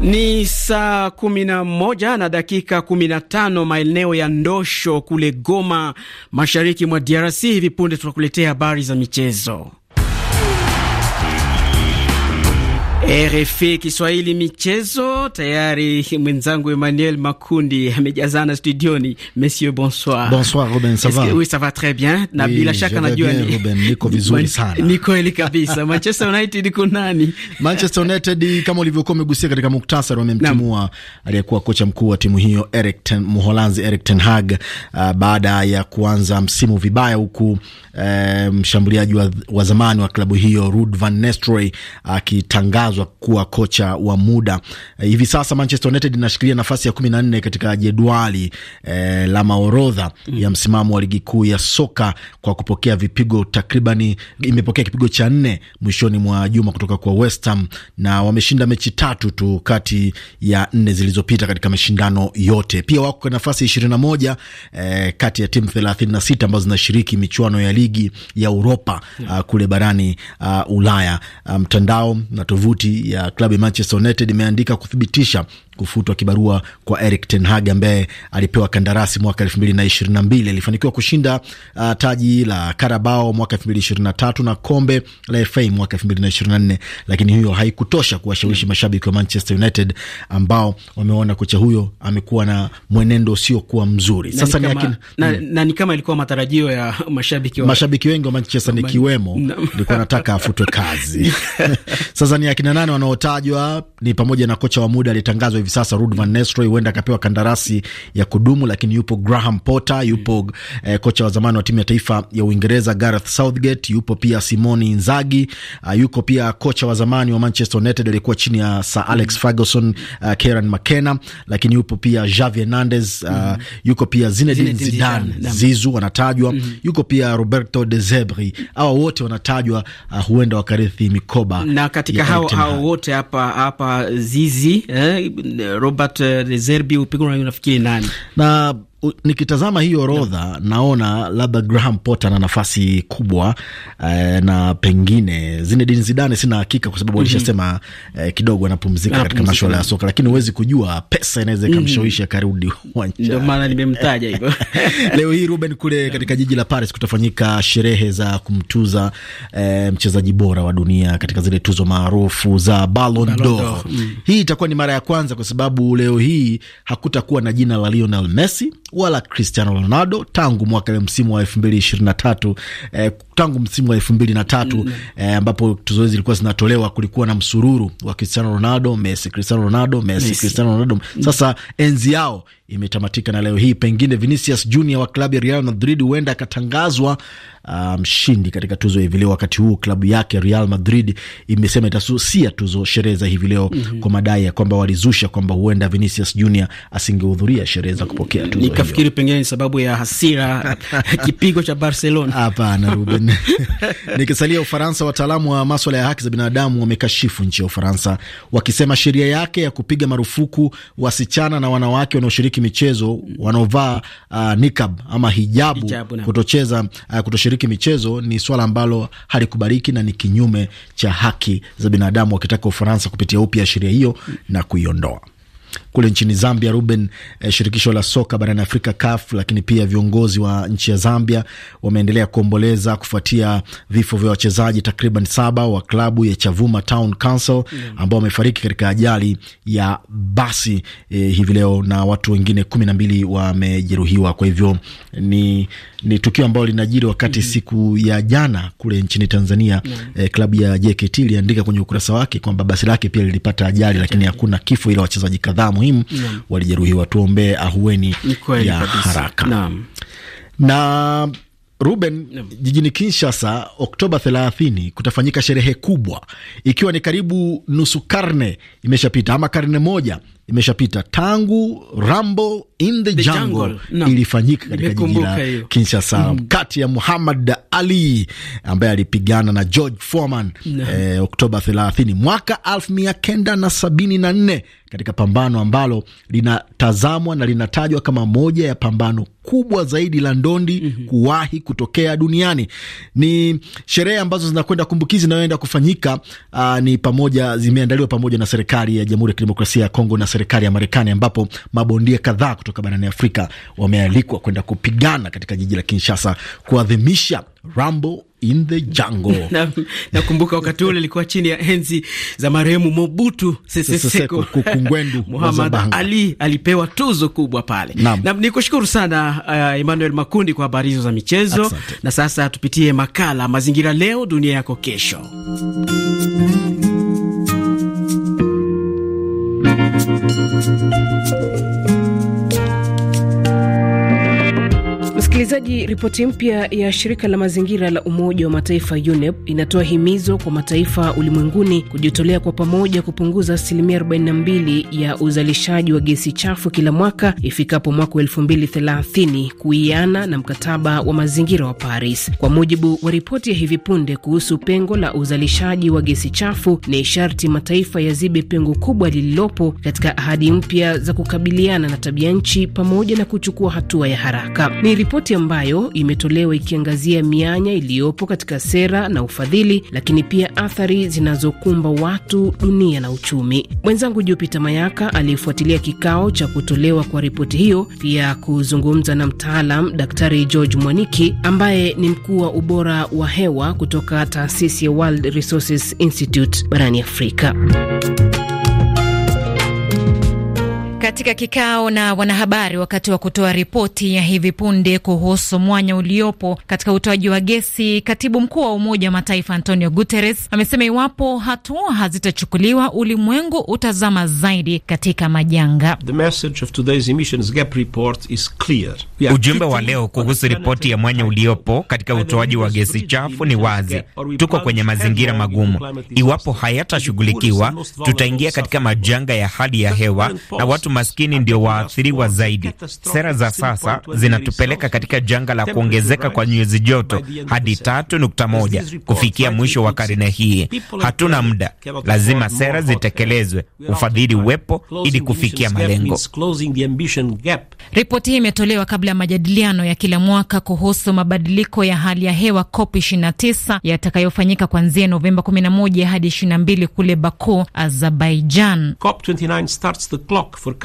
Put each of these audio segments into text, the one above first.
Ni saa kumi na dakika tano maeneo ya Ndosho kule Goma, mashariki mwa DRC. Hivi punde tunakuletea habari za michezo. RFI Kiswahili michezo tayari, mwenzangu Emmanuel Makundi amejazana studioni. Monsieur, bonsoir. Bonsoir Robin, ça va? Oui, ça va très bien na oui, bila shaka najua ni Ruben, niko vizuri sana. Ni kweli kabisa. Manchester United iko nani? Manchester United kama ulivyokuwa umegusia katika muktasari, wamemtimua aliyekuwa kocha mkuu wa timu hiyo Erik ten, Muholanzi, Erik ten Hag uh, baada ya kuanza msimu vibaya huku eh, mshambuliaji um, wa, wa zamani wa klabu hiyo Ruud van Nistelrooy akitangaza uh, kutangazwa kuwa kocha wa muda. E, hivi sasa Manchester United inashikilia nafasi ya kumi na nne katika jedwali eh, la maorodha mm. ya msimamo wa ligi kuu ya soka kwa kupokea vipigo takribani, imepokea kipigo cha nne mwishoni mwa juma kutoka kwa West Ham na wameshinda mechi tatu tu kati ya nne zilizopita katika mashindano yote. Pia wako kwa nafasi ishirini na moja eh, kati ya timu thelathini na sita ambazo zinashiriki michuano ya ligi ya Uropa yeah. uh, kule barani uh, Ulaya. Ah, mtandao um, na tovuti Tovuti ya klabu ya Manchester United imeandika kuthibitisha kufutwa kibarua kwa Eric Ten Hag ambaye alipewa kandarasi mwaka elfu mbili na na ishirini mbili. Alifanikiwa kushinda uh, taji la Karabao mwaka elfu mbili ishirini na tatu na kombe la FA mwaka elfu mbili na na ishirini nne lakini hiyo haikutosha kuwashawishi hmm. mashabiki wa Manchester United ambao wameona kocha huyo amekuwa na mwenendo usiokuwa mzuri. Sasa ni kama, na, na ni kama ilikuwa matarajio ya mashabiki wa mashabiki wengi wa Manchester ni nikiwemo nilikuwa nataka afutwe kazi. Sasa ni akina nane wanaotajwa ni pamoja na kocha wa muda alitangazwa hivi sasa Ruud van Nistelrooy huenda akapewa kandarasi ya kudumu, lakini yupo Graham Potter, yupo mm. eh, kocha wa zamani wa timu ya taifa ya Uingereza Gareth Southgate, yupo pia Simone Inzaghi, uh, yuko pia kocha wa zamani wa Manchester United aliyekuwa chini ya Sir mm. Alex mm. Ferguson, uh, Kieran McKenna, lakini yupo pia Javi Hernandez, uh, mm. yuko pia Zinedine Zidane, Zizou wanatajwa, mm. yuko pia Roberto De Zerbi. Hawa wote wanatajwa, uh, huenda wakarithi mikoba na katika hao hao wote hapa hapa Zizi eh, Robert Rezerbi, upigwa nafikiri nani na nikitazama hii orodha yeah, naona labda Graham Potter ana nafasi kubwa eh, na pengine Zinedine Zidane sina hakika kwa sababu mhm. alishasema mm -hmm. eh, kidogo anapumzika katika masuala ya soka, lakini huwezi kujua, pesa inaweza mhm. ikamshawishi mm -hmm. akarudi uwanjani. Ndio maana nimemtaja hivyo. Leo hii Ruben, kule katika jiji la Paris kutafanyika sherehe za kumtuza eh, mchezaji bora wa dunia katika zile tuzo maarufu za Ballon d'Or. mm. Hii itakuwa ni mara ya kwanza, kwa sababu leo hii hakutakuwa na jina la Lionel Messi wala Cristiano Ronaldo tangu mwaka ile msimu wa 2023 eh, tangu msimu wa 2003 mm, eh, ambapo tuzo hizi zilikuwa zinatolewa, kulikuwa na msururu wa Cristiano Ronaldo, Messi, Cristiano Ronaldo, Messi, Messi, Cristiano Ronaldo. Mm. Sasa enzi yao imetamatika na leo hii pengine Vinicius Junior wa klabu ya Real Madrid huenda akatangazwa um, mshindi um, katika tuzo hivi leo. Wakati huu klabu yake Real Madrid imesema itasusia tuzo sherehe za hivi leo mm -hmm. kwa madai ya kwamba walizusha kwamba huenda Vinicius Junior asingehudhuria sherehe za kupokea tuzo. Nikafikiri pengine ni sababu ya hasira kipigo cha Barcelona. Hapana Ruben. Nikisalia Ufaransa, wataalamu wa maswala ya haki za binadamu wamekashifu nchi ya Ufaransa wakisema sheria yake ya kupiga marufuku wasichana na wanawake wanaoshiriki kimichezo wanaovaa uh, nikab ama hijabu, hijabu kutocheza uh, kutoshiriki michezo ni swala ambalo halikubaliki na ni kinyume cha haki za binadamu, wakitaka Ufaransa kupitia upya sheria hiyo na kuiondoa kule nchini Zambia, Ruben, eh, shirikisho la soka barani Afrika CAF, lakini pia viongozi wa nchi ya Zambia wameendelea kuomboleza kufuatia vifo vya wachezaji takriban saba wa klabu ya Chavuma Town Council mm. ambao wamefariki katika ajali ya basi eh, hivi leo na watu wengine kumi na mbili wamejeruhiwa. Kwa hivyo ni, ni tukio ambalo linajiri wakati mm -hmm. siku ya jana kule nchini Tanzania mm -hmm. eh, klabu ya JKT iliandika kwenye ukurasa wake kwamba basi lake pia lilipata ajali, lakini hakuna kifo, ila wachezaji kadhaa muhimu yeah. walijeruhiwa. Tuombee ahueni ya kabisa. haraka na, na Ruben yeah. Jijini Kinshasa Oktoba 30 kutafanyika sherehe kubwa, ikiwa ni karibu nusu karne imeshapita ama karne moja imeshapita tangu Rambo in the, the jungle, jungle. No. ilifanyika katika jiji la Kinshasa mm. kati ya Muhammad Ali ambaye alipigana na George Foreman no. eh, Oktoba 30 mwaka 1974 katika pambano ambalo linatazamwa na linatajwa kama moja ya pambano kubwa zaidi la ndondi mm -hmm. kuwahi kutokea duniani. Ni sherehe ambazo zinakwenda kumbukizi zinayoenda kufanyika, uh, ni pamoja zimeandaliwa pamoja na serikali ya Jamhuri ya Kidemokrasia ya Kongo na serikali ya Marekani, ambapo mabondia kadhaa kutoka barani Afrika wamealikwa kwenda kupigana katika jiji la Kinshasa kuadhimisha rambo in the Jungle. Nakumbuka na wakati ule ilikuwa chini ya enzi za marehemu Mobutu Sese Seko Muhammad Ali alipewa tuzo kubwa pale. Na kushukuru sana uh, Emmanuel Makundi kwa habari hizo za michezo. Asante. Na sasa tupitie makala Mazingira leo dunia yako kesho. Msikilizaji, ripoti mpya ya shirika la mazingira la Umoja wa Mataifa UNEP inatoa himizo kwa mataifa ulimwenguni kujitolea kwa pamoja kupunguza asilimia 42 ya uzalishaji wa gesi chafu kila mwaka ifikapo mwaka 2030 kuiana na mkataba wa mazingira wa Paris. Kwa mujibu wa ripoti ya hivi punde kuhusu pengo la uzalishaji wa gesi chafu, ni sharti mataifa yazibe pengo kubwa lililopo katika ahadi mpya za kukabiliana na tabia nchi pamoja na kuchukua hatua ya haraka. Ni ripoti ambayo imetolewa ikiangazia mianya iliyopo katika sera na ufadhili, lakini pia athari zinazokumba watu, dunia na uchumi. Mwenzangu Jupita Mayaka aliyefuatilia kikao cha kutolewa kwa ripoti hiyo, pia kuzungumza na mtaalam Daktari George Mwaniki ambaye ni mkuu wa ubora wa hewa kutoka taasisi ya World Resources Institute barani Afrika. Katika kikao na wanahabari wakati wa kutoa ripoti ya hivi punde kuhusu mwanya uliopo katika utoaji wa gesi, katibu mkuu wa Umoja wa Mataifa Antonio Guterres amesema iwapo hatua hazitachukuliwa, ulimwengu utazama zaidi katika majanga. Ujumbe wa leo kuhusu ripoti ya mwanya uliopo katika utoaji wa gesi chafu ni wazi: tuko kwenye mazingira magumu. Iwapo hayatashughulikiwa, tutaingia katika majanga ya hali ya hewa na watu maskini ndio waathiriwa zaidi. Sera za sasa zinatupeleka katika janga la kuongezeka kwa nyuzi joto hadi tatu nukta moja kufikia mwisho wa karne hii. Hatuna muda, lazima sera zitekelezwe, ufadhili uwepo ili kufikia malengo. Ripoti hii imetolewa kabla ya majadiliano ya kila mwaka kuhusu mabadiliko ya hali ya hewa COP 29 yatakayofanyika kuanzia Novemba 11 hadi 22 kule Baku, Azerbaijan. COP 29 starts the clock for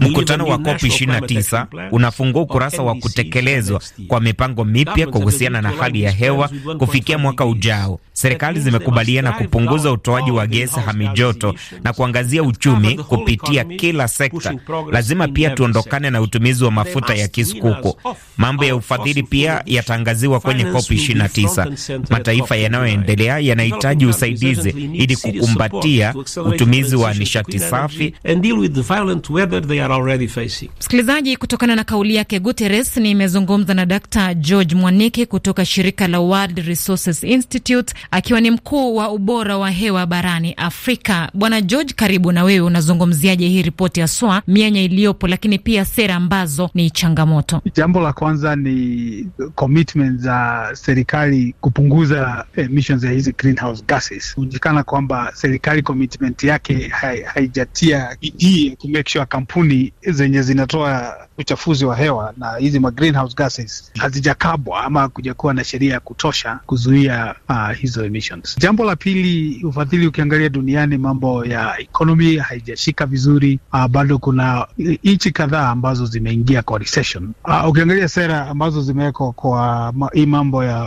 Mkutano wa COP 29 unafungua ukurasa wa kutekelezwa kwa mipango mipya kuhusiana na hali ya hewa kufikia mwaka ujao. Serikali zimekubaliana kupunguza utoaji wa gesi hamijoto na kuangazia uchumi kupitia kila sekta. Lazima pia tuondokane na utumizi wa mafuta ya kisukuku. Mambo ya ufadhili pia yataangaziwa kwenye COP 29. Mataifa yanayoendelea yanahitaji usaidizi ili kukumbatia utumizi wa nishati safi together they are already facing. Msikilizaji, kutokana na kauli yake Guterres, nimezungumza na Dr. George Mwanike kutoka shirika la World Resources Institute akiwa ni mkuu wa ubora wa hewa barani Afrika. Bwana George, karibu na wewe. Unazungumziaje hii ripoti ya SWA, mianya iliyopo, lakini pia sera ambazo ni changamoto? Jambo la kwanza ni commitment za serikali kupunguza eh, emissions ya hizi greenhouse gases. Kuonekana kwamba serikali commitment yake haijatia bidii ya kumake sure kampuni zenye zinatoa uchafuzi wa hewa na hizi ma greenhouse gases hazijakabwa ama kujakuwa na sheria ya kutosha kuzuia uh, hizo emissions. Jambo la pili, ufadhili, ukiangalia duniani mambo ya economy haijashika vizuri. Uh, bado kuna uh, nchi kadhaa ambazo zimeingia kwa recession. Uh, ukiangalia sera ambazo zimewekwa kwa hii mambo ya,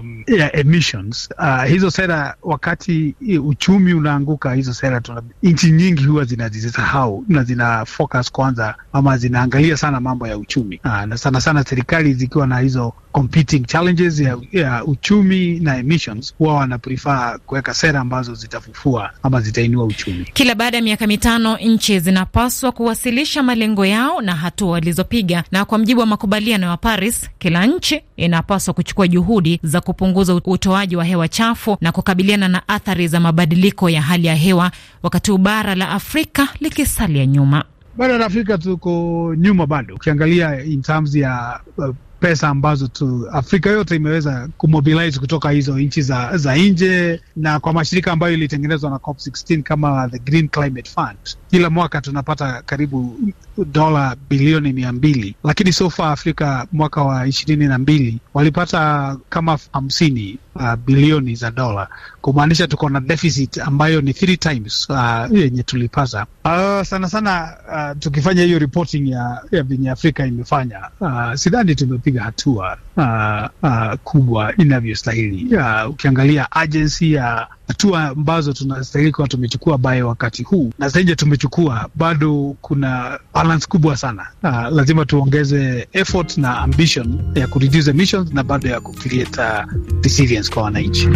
um, ya emissions uh, hizo sera wakati uh, uchumi unaanguka, hizo sera nchi nyingi huwa zinazisahau na zina focus kwanza ama zinaangalia sana mambo ya uchumi aa, ah, na sana sana serikali zikiwa na hizo competing challenges ya, ya uchumi na emissions, huwa wana prefer kuweka sera ambazo zitafufua ama zitainua uchumi. Kila baada ya miaka mitano nchi zinapaswa kuwasilisha malengo yao na hatua walizopiga, na kwa mjibu wa makubaliano ya Paris, kila nchi inapaswa kuchukua juhudi za kupunguza utoaji wa hewa chafu na kukabiliana na athari za mabadiliko ya hali ya hewa, wakati bara la Afrika likisalia nyuma bara la Afrika tuko nyuma bado, ukiangalia in terms ya uh, pesa ambazo tu Afrika yote imeweza kumobilize kutoka hizo nchi za, za nje na kwa mashirika ambayo ilitengenezwa na COP16 kama the Green Climate Fund. Kila mwaka tunapata karibu dola bilioni mia mbili, lakini so far Afrika mwaka wa ishirini na mbili walipata kama hamsini uh, bilioni za dola, kumaanisha tuko na deficit ambayo ni three times uh, yenye tulipaza uh, sana sana uh, tukifanya hiyo reporting ya, ya venye Afrika imefanya uh, sidhani tumepiga hatua uh, uh, kubwa inavyostahili. Uh, ukiangalia agency ya uh, hatua ambazo tunastahili kuwa tumechukua baye wakati huu na zaidi tumechukua, bado kuna balance kubwa sana. Uh, lazima tuongeze effort na ambition ya kureduce emissions na bado ya kucreate uh, resilience kwa wananchi.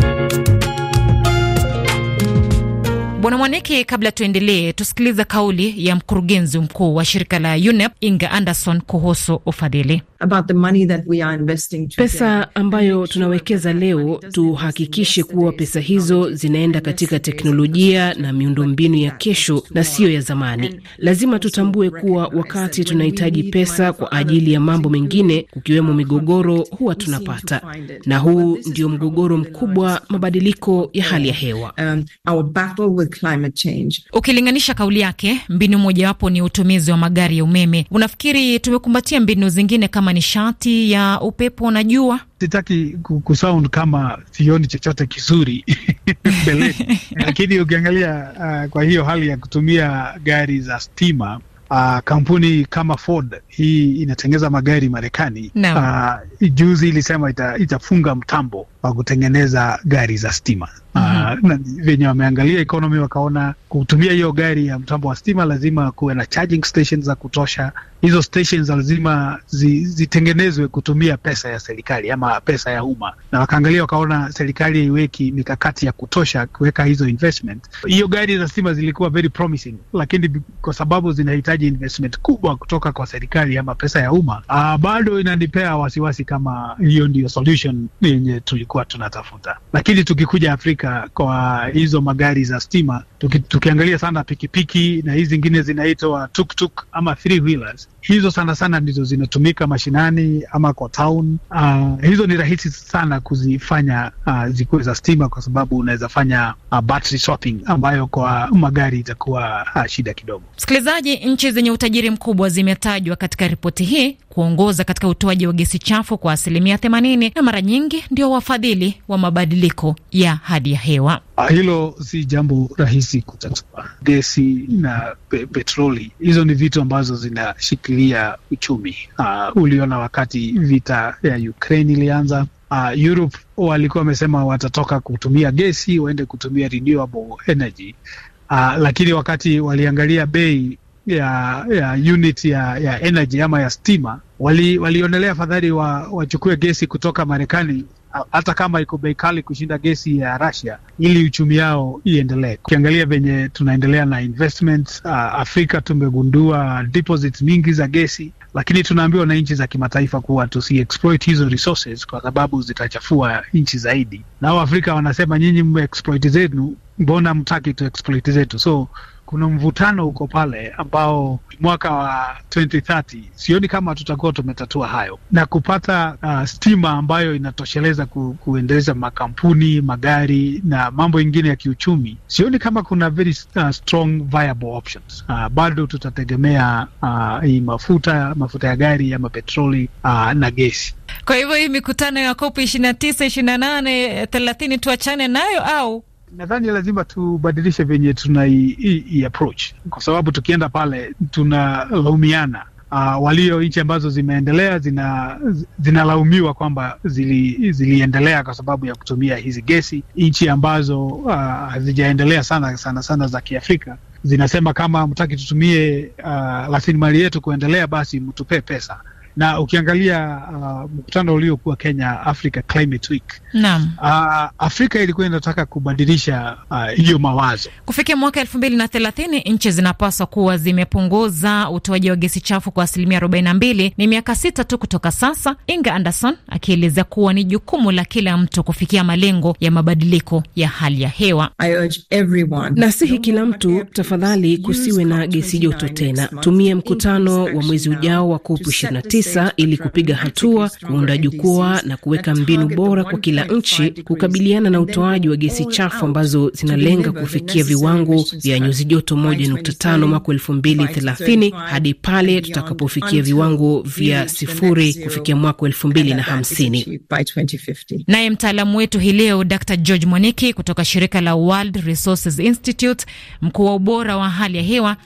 Bwana Mwaniki, kabla tuendelee, tusikilize kauli ya mkurugenzi mkuu wa shirika la UNEP Inga Anderson kuhusu ufadhili about the money that we are investing today. Pesa ambayo tunawekeza leo tuhakikishe kuwa pesa hizo zinaenda katika teknolojia na miundombinu ya kesho na siyo ya zamani. Lazima tutambue kuwa wakati tunahitaji pesa kwa ajili ya mambo mengine, kukiwemo migogoro, huwa tunapata, na huu ndio mgogoro mkubwa, mabadiliko ya hali ya hewa. Um, Ukilinganisha kauli yake, mbinu mojawapo ni utumizi wa magari ya umeme. Unafikiri tumekumbatia mbinu zingine kama kama nishati ya upepo na jua? Sitaki kusound kama sioni chochote kizuri mbeleni, lakini ukiangalia uh, kwa hiyo hali ya kutumia gari za stima Uh, kampuni kama Ford hii inatengeza magari Marekani. Uh, juzi ilisema ita, itafunga mtambo wa kutengeneza gari za stima mm -hmm. Uh, venye wameangalia economy wakaona kutumia hiyo gari ya mtambo wa stima lazima kuwe na charging stations za kutosha. Hizo stations lazima zi, zitengenezwe kutumia pesa ya serikali ama pesa ya umma, na wakaangalia wakaona serikali haiweki mikakati ya kutosha kuweka hizo investment. Hiyo gari za stima zilikuwa very promising, lakini kwa sababu zinahitaji investment kubwa kutoka kwa serikali ama pesa ya umma, uh, bado inanipea wasiwasi kama hiyo ndiyo solution yenye tulikuwa tulikuwa tunatafuta. Lakini tukikuja Afrika kwa hizo magari za stima, tuki, tukiangalia sana pikipiki na hizi zingine zinaitwa tuktuk ama three wheelers, hizo sana sana ndizo zinatumika mashinani ama kwa town. Uh, hizo ni rahisi sana kuzifanya uh, zikuwe za stima, kwa sababu unaweza fanya uh, battery swapping ambayo kwa magari itakuwa uh, shida kidogo. Msikilizaji, nchi zenye utajiri mkubwa zimetajwa katika ripoti hii kuongoza katika utoaji wa gesi chafu kwa asilimia 80 na mara nyingi ndio wafadhili wa mabadiliko ya hali ya hewa. Ah, hilo si jambo rahisi kutatua. Gesi na pe petroli, hizo ni vitu ambazo zinashikilia uchumi. Uh, uliona wakati vita ya Ukraine ilianza, uh, Europe walikuwa wamesema watatoka kutumia gesi waende kutumia renewable energy. Uh, lakini wakati waliangalia bei ya ya unit ya ya energy ama ya stima, walionelea fadhali wa, wachukue gesi kutoka Marekani hata kama iko bei kali kushinda gesi ya Russia ili uchumi yao iendelee. Ukiangalia venye tunaendelea na investments uh, Afrika tumegundua deposits mingi za gesi, lakini tunaambiwa na nchi za kimataifa kuwa exploit hizo resources kwa sababu zitachafua nchi zaidi, na Afrika wanasema nyinyi exploit zenu, mbona mtaki exploit zetu? so kuna mvutano uko pale ambao mwaka wa 2030 sioni kama tutakuwa tumetatua hayo na kupata uh, stima ambayo inatosheleza ku, kuendeleza makampuni, magari na mambo ingine ya kiuchumi. Sioni kama kuna very uh, strong viable options. Uh, bado tutategemea uh, hii mafuta mafuta ya gari ama petroli uh, na gesi. Kwa hivyo hii mikutano ya kopu ishirini na tisa, ishirini na nane, thelathini tuachane nayo au nadhani lazima tubadilishe venye tuna approach, kwa sababu tukienda pale tunalaumiana. Uh, walio nchi ambazo zimeendelea zina zinalaumiwa kwamba zili, ziliendelea kwa sababu ya kutumia hizi gesi. Nchi ambazo ah, hazijaendelea uh, sana sana sana za Kiafrika zinasema kama mtaki tutumie uh, rasilimali yetu kuendelea, basi mtupee pesa na ukiangalia uh, mkutano uliokuwa Kenya Africa Climate Week. Naam. Uh, Afrika ilikuwa inataka kubadilisha uh, hiyo uh, mawazo. Kufikia mwaka elfu mbili na thelathini nchi zinapaswa kuwa zimepunguza utoaji wa gesi chafu kwa asilimia arobaini na mbili. Ni miaka sita tu kutoka sasa, Inga Anderson akieleza kuwa ni jukumu la kila mtu kufikia malengo ya mabadiliko ya hali ya hewa. Nasihi kila mtu, tafadhali, kusiwe na gesi joto tena. Tumia mkutano wa mwezi ujao wa COP 29 kabisa ili kupiga hatua, kuunda jukwaa na kuweka mbinu bora kwa kila nchi kukabiliana na utoaji wa gesi chafu ambazo zinalenga kufikia viwango vya nyuzi joto 1.5 mwaka 2030 hadi pale tutakapofikia viwango vya sifuri kufikia mwaka 2050. Naye mtaalamu wetu hii leo Dr. George Mwaniki kutoka shirika la World Resources Institute, mkuu wa ubora wa hali ya hewa